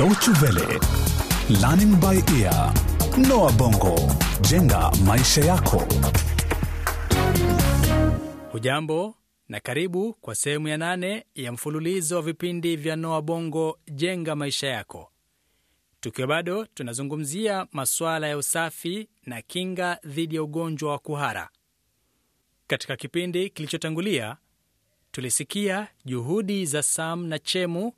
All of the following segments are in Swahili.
Deutsche Welle, Learning by Ear, Noah Bongo, jenga maisha yako. Hujambo na karibu kwa sehemu ya nane ya mfululizo wa vipindi vya Noah Bongo, jenga maisha yako, tukiwa bado tunazungumzia masuala ya usafi na kinga dhidi ya ugonjwa wa kuhara. Katika kipindi kilichotangulia tulisikia juhudi za Sam na Chemu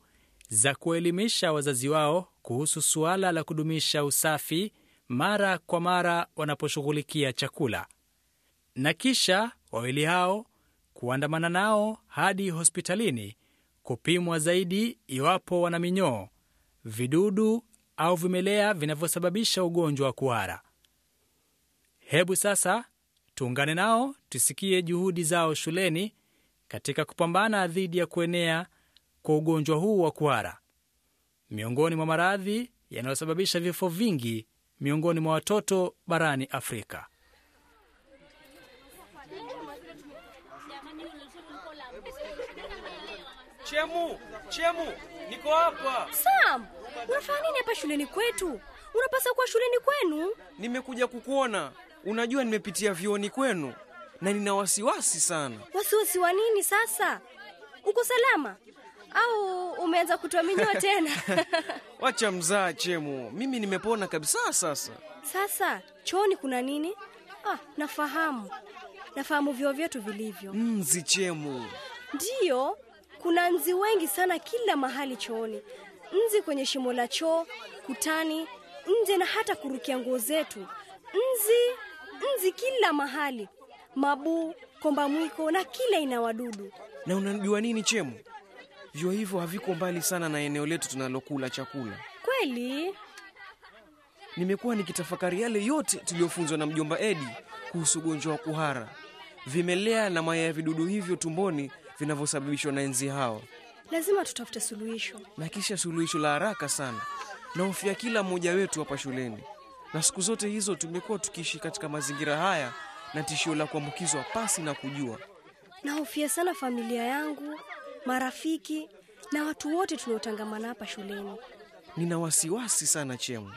za kuelimisha wazazi wao kuhusu suala la kudumisha usafi mara kwa mara wanaposhughulikia chakula, na kisha wawili hao kuandamana nao hadi hospitalini kupimwa zaidi iwapo wana minyoo, vidudu au vimelea vinavyosababisha ugonjwa wa kuhara. Hebu sasa tuungane nao tusikie juhudi zao shuleni katika kupambana dhidi ya kuenea kwa ugonjwa huu wa kuhara, miongoni mwa maradhi yanayosababisha vifo vingi miongoni mwa watoto barani Afrika. Chemu, Chemu, niko hapa. Sam, unafanya nini hapa shuleni kwetu? Unapasa kuwa shuleni kwenu. Nimekuja kukuona. Unajua nimepitia vioni kwenu na nina wasiwasi sana. Wasiwasi wa nini sasa? Uko salama? au umeanza kutuaminiwa tena? Wacha mzaa Chemo, mimi nimepona kabisa ah, sasa. Sasa chooni kuna nini? Ah, nafahamu nafahamu vyoo vyetu vilivyo. Nzi Chemo? Ndiyo, kuna nzi wengi sana kila mahali chooni, nzi kwenye shimo la choo, kutani, nje na hata kurukia nguo zetu. Nzi nzi kila mahali, mabuu, komba mwiko na kila ina wadudu. Na unajua nini chemu vyo hivyo haviko mbali sana na eneo letu tunalokula chakula. Kweli nimekuwa nikitafakari yale yote tuliyofunzwa na mjomba Edi kuhusu ugonjwa wa kuhara, vimelea na maya ya vidudu hivyo tumboni vinavyosababishwa na enzi hao. Lazima tutafute suluhisho, na kisha suluhisho la haraka sana na hofia kila mmoja wetu hapa shuleni. Na siku zote hizo tumekuwa tukiishi katika mazingira haya na tishio la kuambukizwa pasi na kujua. Nahofia sana familia yangu marafiki na watu wote tunaotangamana hapa shuleni. Nina wasiwasi sana Chemu,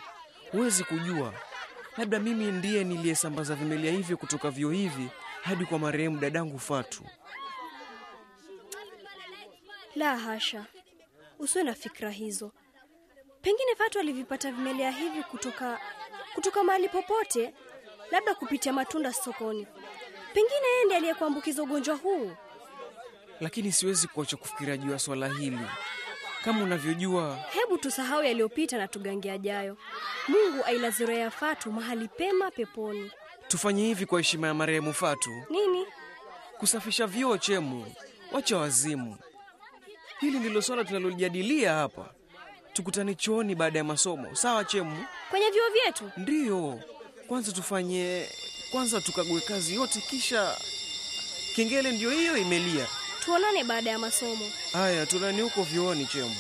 huwezi kujua, labda mimi ndiye niliyesambaza vimelea hivyo kutoka vyo hivi hadi kwa marehemu dadangu Fatu. La hasha, usiwe na fikra hizo. Pengine Fatu alivipata vimelea hivi kutoka kutoka mahali popote, labda kupitia matunda sokoni. Pengine yeye ndiye aliyekuambukiza ugonjwa huu lakini siwezi kuacha kufikiria juu ya swala hili. Kama unavyojua, hebu tusahau yaliyopita na tugange ajayo. Mungu ailazirea Fatu mahali pema peponi. Tufanye hivi kwa heshima ya marehemu Fatu. Nini? Kusafisha vyoo, Chemu. Wacha wazimu, hili ndilo swala tunalolijadilia hapa. Tukutane chooni baada ya masomo, sawa Chemu? Kwenye vyoo vyetu? Ndiyo. Kwanza tufanye, kwanza tukague kazi yote, kisha kengele. ndio hiyo imelia tuonane baada ya masomo. Haya, tunani huko vyuoni, Chemo.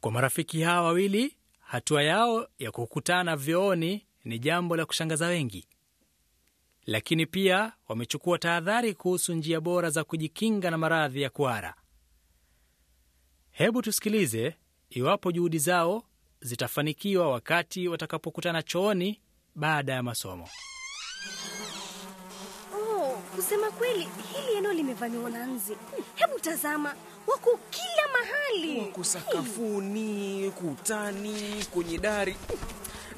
Kwa marafiki hawa wawili, hatua yao ya kukutana vyooni ni jambo la kushangaza wengi, lakini pia wamechukua tahadhari kuhusu njia bora za kujikinga na maradhi ya kuhara. Hebu tusikilize iwapo juhudi zao zitafanikiwa wakati watakapokutana chooni baada ya masomo. Oh, kusema kweli hili eneo limevamiwa na nzi. Hebu tazama, wako kila mahali, wako sakafuni, kutani, kwenye dari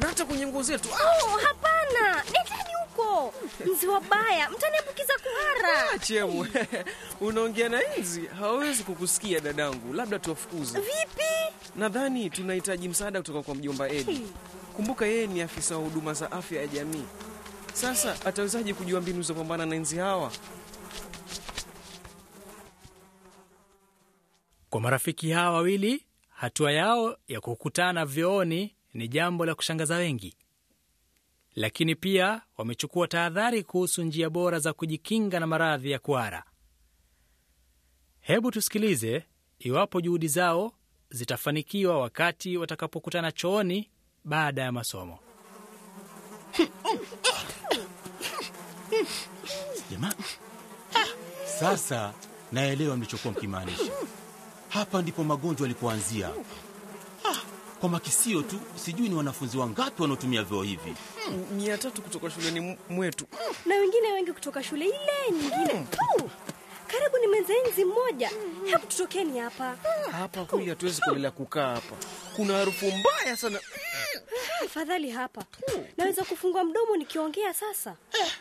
na hata kwenye nguo zetu. Ah! Oh, hapana, netani huko nzi wabaya, mtaniambukiza kuhara. Achewe, unaongea na nzi, hawawezi kukusikia dadangu, labda tuwafukuze. Vipi? Nadhani tunahitaji msaada kutoka kwa mjomba Edi. Kumbuka yeye ni afisa wa huduma za afya ya jamii. Sasa atawezaje kujua mbinu za pambana na nzi hawa? Kwa marafiki hawa wawili, hatua yao ya kukutana vyooni ni jambo la kushangaza wengi, lakini pia wamechukua tahadhari kuhusu njia bora za kujikinga na maradhi ya kwara Hebu tusikilize iwapo juhudi zao zitafanikiwa wakati watakapokutana chooni baada ya masomo. Jamaa, sasa naelewa mlichokuwa mkimaanisha. Hapa ndipo magonjwa yalipoanzia. Kwa makisio tu, sijui ni wanafunzi wangapi wanaotumia vyoo hivi. Hmm, mia tatu kutoka shuleni mwetu na wengine wengi kutoka shule ile nyingine hmm. Karibu ni mezenzi mmoja. Hebu tutokeni hapa hapa, kweli hatuwezi kuendelea kukaa hapa, kuna harufu mbaya sana afadhali hapa naweza kufungua mdomo nikiongea sasa eh,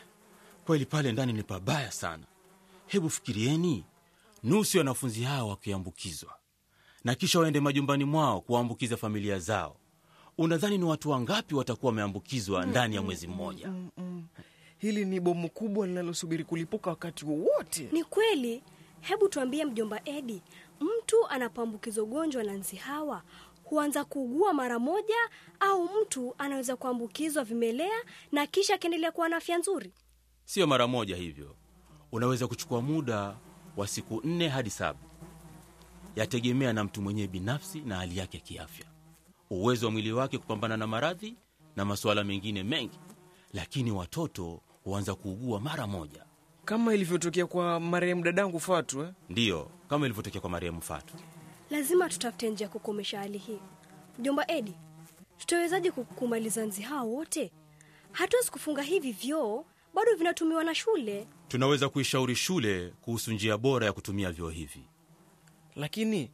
kweli pale ndani ni pabaya sana hebu fikirieni nusu ya wanafunzi hao wakiambukizwa na kisha waende majumbani mwao kuwaambukiza familia zao unadhani ni watu wangapi watakuwa wameambukizwa mm, ndani ya mm, mwezi mmoja mm, hili ni bomu kubwa linalosubiri kulipuka wakati wowote ni kweli hebu tuambie mjomba edi mtu anapoambukizwa ugonjwa na nzi hawa huanza kuugua mara moja au mtu anaweza kuambukizwa vimelea na kisha akiendelea kuwa na afya nzuri? sio mara moja hivyo, unaweza kuchukua muda wa siku nne hadi saba, yategemea na mtu mwenyewe binafsi na hali yake ya kiafya, uwezo wa mwili wake kupambana na maradhi na masuala mengine mengi. Lakini watoto huanza kuugua mara moja kama ilivyotokea kwa marehemu dadangu Fatu eh? Ndiyo, kama ilivyotokea kwa marehemu Fatu. Lazima tutafute njia ya kukomesha hali hii. Mjomba Edi, tutawezaje kumaliza nzi hao wote? Hatuwezi kufunga hivi vyoo, bado vinatumiwa na shule. Tunaweza kuishauri shule kuhusu njia bora ya kutumia vyoo hivi. Lakini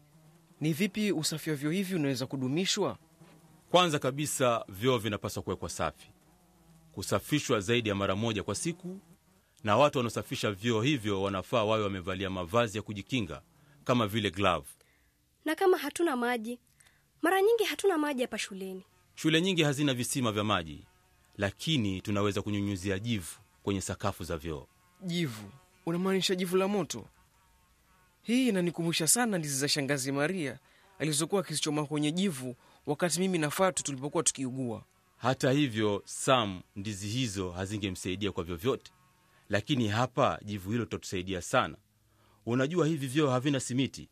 ni vipi usafi wa vyoo hivi unaweza kudumishwa? Kwanza kabisa, vyoo vinapaswa kuwekwa safi, kusafishwa zaidi ya mara moja kwa siku, na watu wanaosafisha vyoo hivyo wanafaa wawe wamevalia mavazi ya kujikinga kama vile glavu na kama hatuna maji, mara nyingi hatuna maji hapa shuleni. Shule nyingi hazina visima vya maji, lakini tunaweza kunyunyuzia jivu kwenye sakafu za vyoo. Jivu? Unamaanisha jivu la moto? Hii inanikumbusha sana ndizi za shangazi Maria alizokuwa akizichoma kwenye jivu wakati mimi na Fatu tulipokuwa tukiugua. Hata hivyo, Sam, ndizi hizo hazingemsaidia kwa vyovyote, lakini hapa jivu hilo litatusaidia sana. Unajua hivi vyoo havina simiti,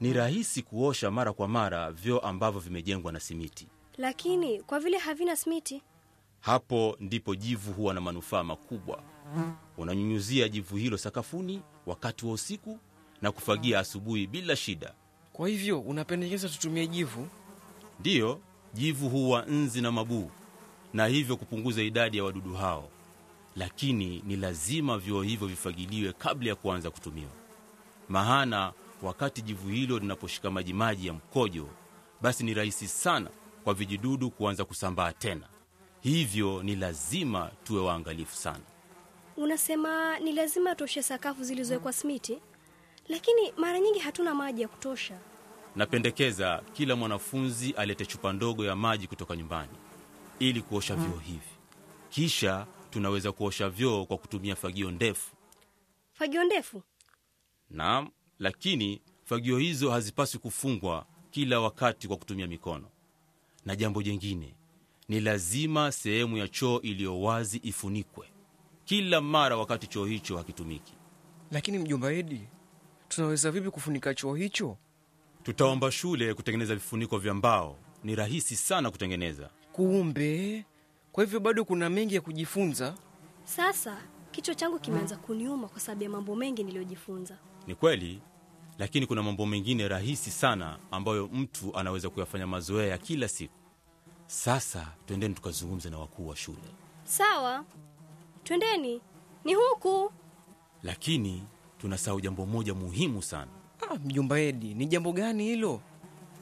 ni rahisi kuosha mara kwa mara vyoo ambavyo vimejengwa na simiti, lakini kwa vile havina smiti hapo ndipo jivu huwa na manufaa makubwa. Unanyunyuzia jivu hilo sakafuni wakati wa usiku na kufagia asubuhi bila shida. Kwa hivyo unapendekeza tutumie jivu? Ndiyo, jivu huwa nzi na mabuu na hivyo kupunguza idadi ya wadudu hao, lakini ni lazima vyoo hivyo vifagiliwe kabla ya kuanza kutumiwa, maana Wakati jivu hilo linaposhika majimaji ya mkojo, basi ni rahisi sana kwa vijidudu kuanza kusambaa tena. Hivyo ni lazima tuwe waangalifu sana. Unasema ni lazima tuoshe sakafu zilizowekwa smiti lakini mara nyingi hatuna maji ya kutosha. Napendekeza kila mwanafunzi alete chupa ndogo ya maji kutoka nyumbani ili kuosha hmm. vyoo hivi. Kisha tunaweza kuosha vyoo kwa kutumia fagio ndefu. Fagio ndefu? Naam lakini fagio hizo hazipaswi kufungwa kila wakati kwa kutumia mikono. Na jambo jengine ni lazima sehemu ya choo iliyo wazi ifunikwe kila mara wakati choo hicho hakitumiki. Lakini mjomba Edi, tunaweza vipi kufunika choo hicho? Tutaomba shule kutengeneza vifuniko vya mbao, ni rahisi sana kutengeneza. Kumbe kwa hivyo bado kuna mengi ya kujifunza. Sasa kichwa changu kimeanza kuniuma kwa sababu ya mambo mengi niliyojifunza. Ni kweli, lakini kuna mambo mengine rahisi sana ambayo mtu anaweza kuyafanya mazoea ya kila siku. Sasa twendeni tukazungumze na wakuu wa shule. Sawa, twendeni, ni huku. Lakini tunasahau jambo moja muhimu sana. Ah, mjumba Edi, ni jambo gani hilo?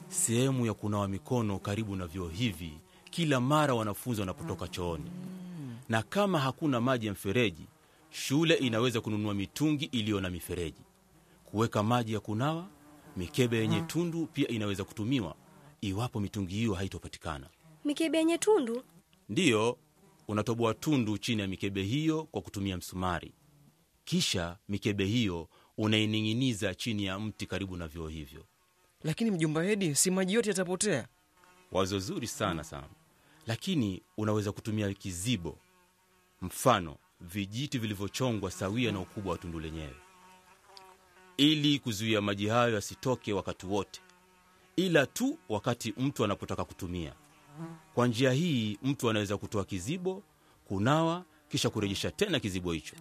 Sehemu ya kunawa mikono karibu na vyoo hivi kila mara wanafunzi wanapotoka chooni, hmm. na kama hakuna maji ya mfereji, shule inaweza kununua mitungi iliyo na mifereji kuweka maji ya kunawa, mikebe yenye hmm, tundu pia inaweza kutumiwa iwapo mitungi hiyo haitopatikana. Mikebe yenye tundu? Ndiyo, unatoboa tundu chini ya mikebe hiyo kwa kutumia msumari, kisha mikebe hiyo unaining'iniza chini ya mti karibu na vyoo hivyo. Lakini mjumba edi si maji yote yatapotea? Wazo zuri sana sana, lakini unaweza kutumia kizibo, mfano vijiti vilivyochongwa sawia na ukubwa wa tundu lenyewe ili kuzuia maji hayo yasitoke wakati wote, ila tu wakati mtu anapotaka kutumia. Kwa njia hii mtu anaweza kutoa kizibo, kunawa, kisha kurejesha tena kizibo hicho.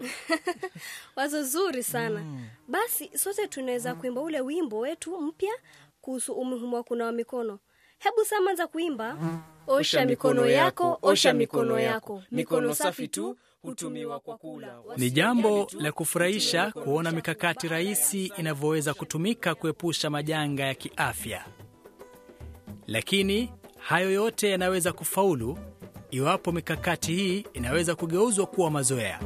Wazo zuri sana. Mm. Basi sote tunaweza mm, kuimba ule wimbo wetu mpya kuhusu umuhimu wa kunawa mikono. Hebu manza kuimba. Mm. Osha mikono yako, osha mikono yako, mikono safi tu hutumiwa kwa kula. Ni jambo la kufurahisha kuona mikakati rahisi inavyoweza kutumika kuepusha majanga ya kiafya, lakini hayo yote yanaweza kufaulu iwapo mikakati hii inaweza kugeuzwa kuwa mazoea.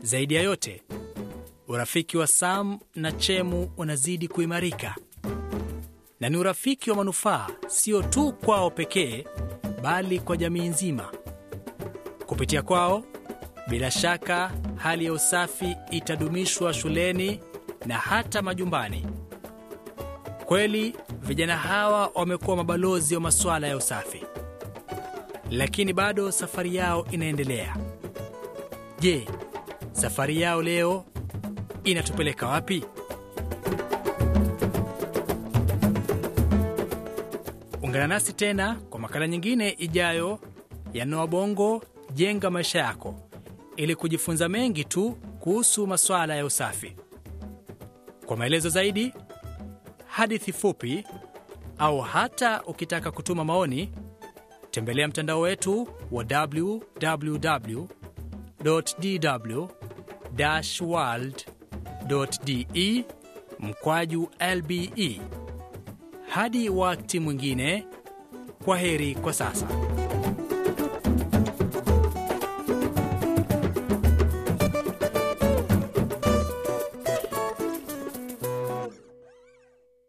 Zaidi ya yote, urafiki wa Sam na Chemu unazidi kuimarika na ni urafiki wa manufaa sio tu kwao pekee, bali kwa jamii nzima. Kupitia kwao, bila shaka, hali ya usafi itadumishwa shuleni na hata majumbani. Kweli vijana hawa wamekuwa mabalozi wa masuala ya usafi, lakini bado safari yao inaendelea. Je, safari yao leo inatupeleka wapi? Ungana nasi tena kwa makala nyingine ijayo ya Noa Bongo jenga maisha yako ili kujifunza mengi tu kuhusu masuala ya usafi. Kwa maelezo zaidi, hadithi fupi au hata ukitaka kutuma maoni, tembelea mtandao wetu wa www.dw-world.de mkwaju lbe. Hadi wakati mwingine, kwa heri kwa sasa.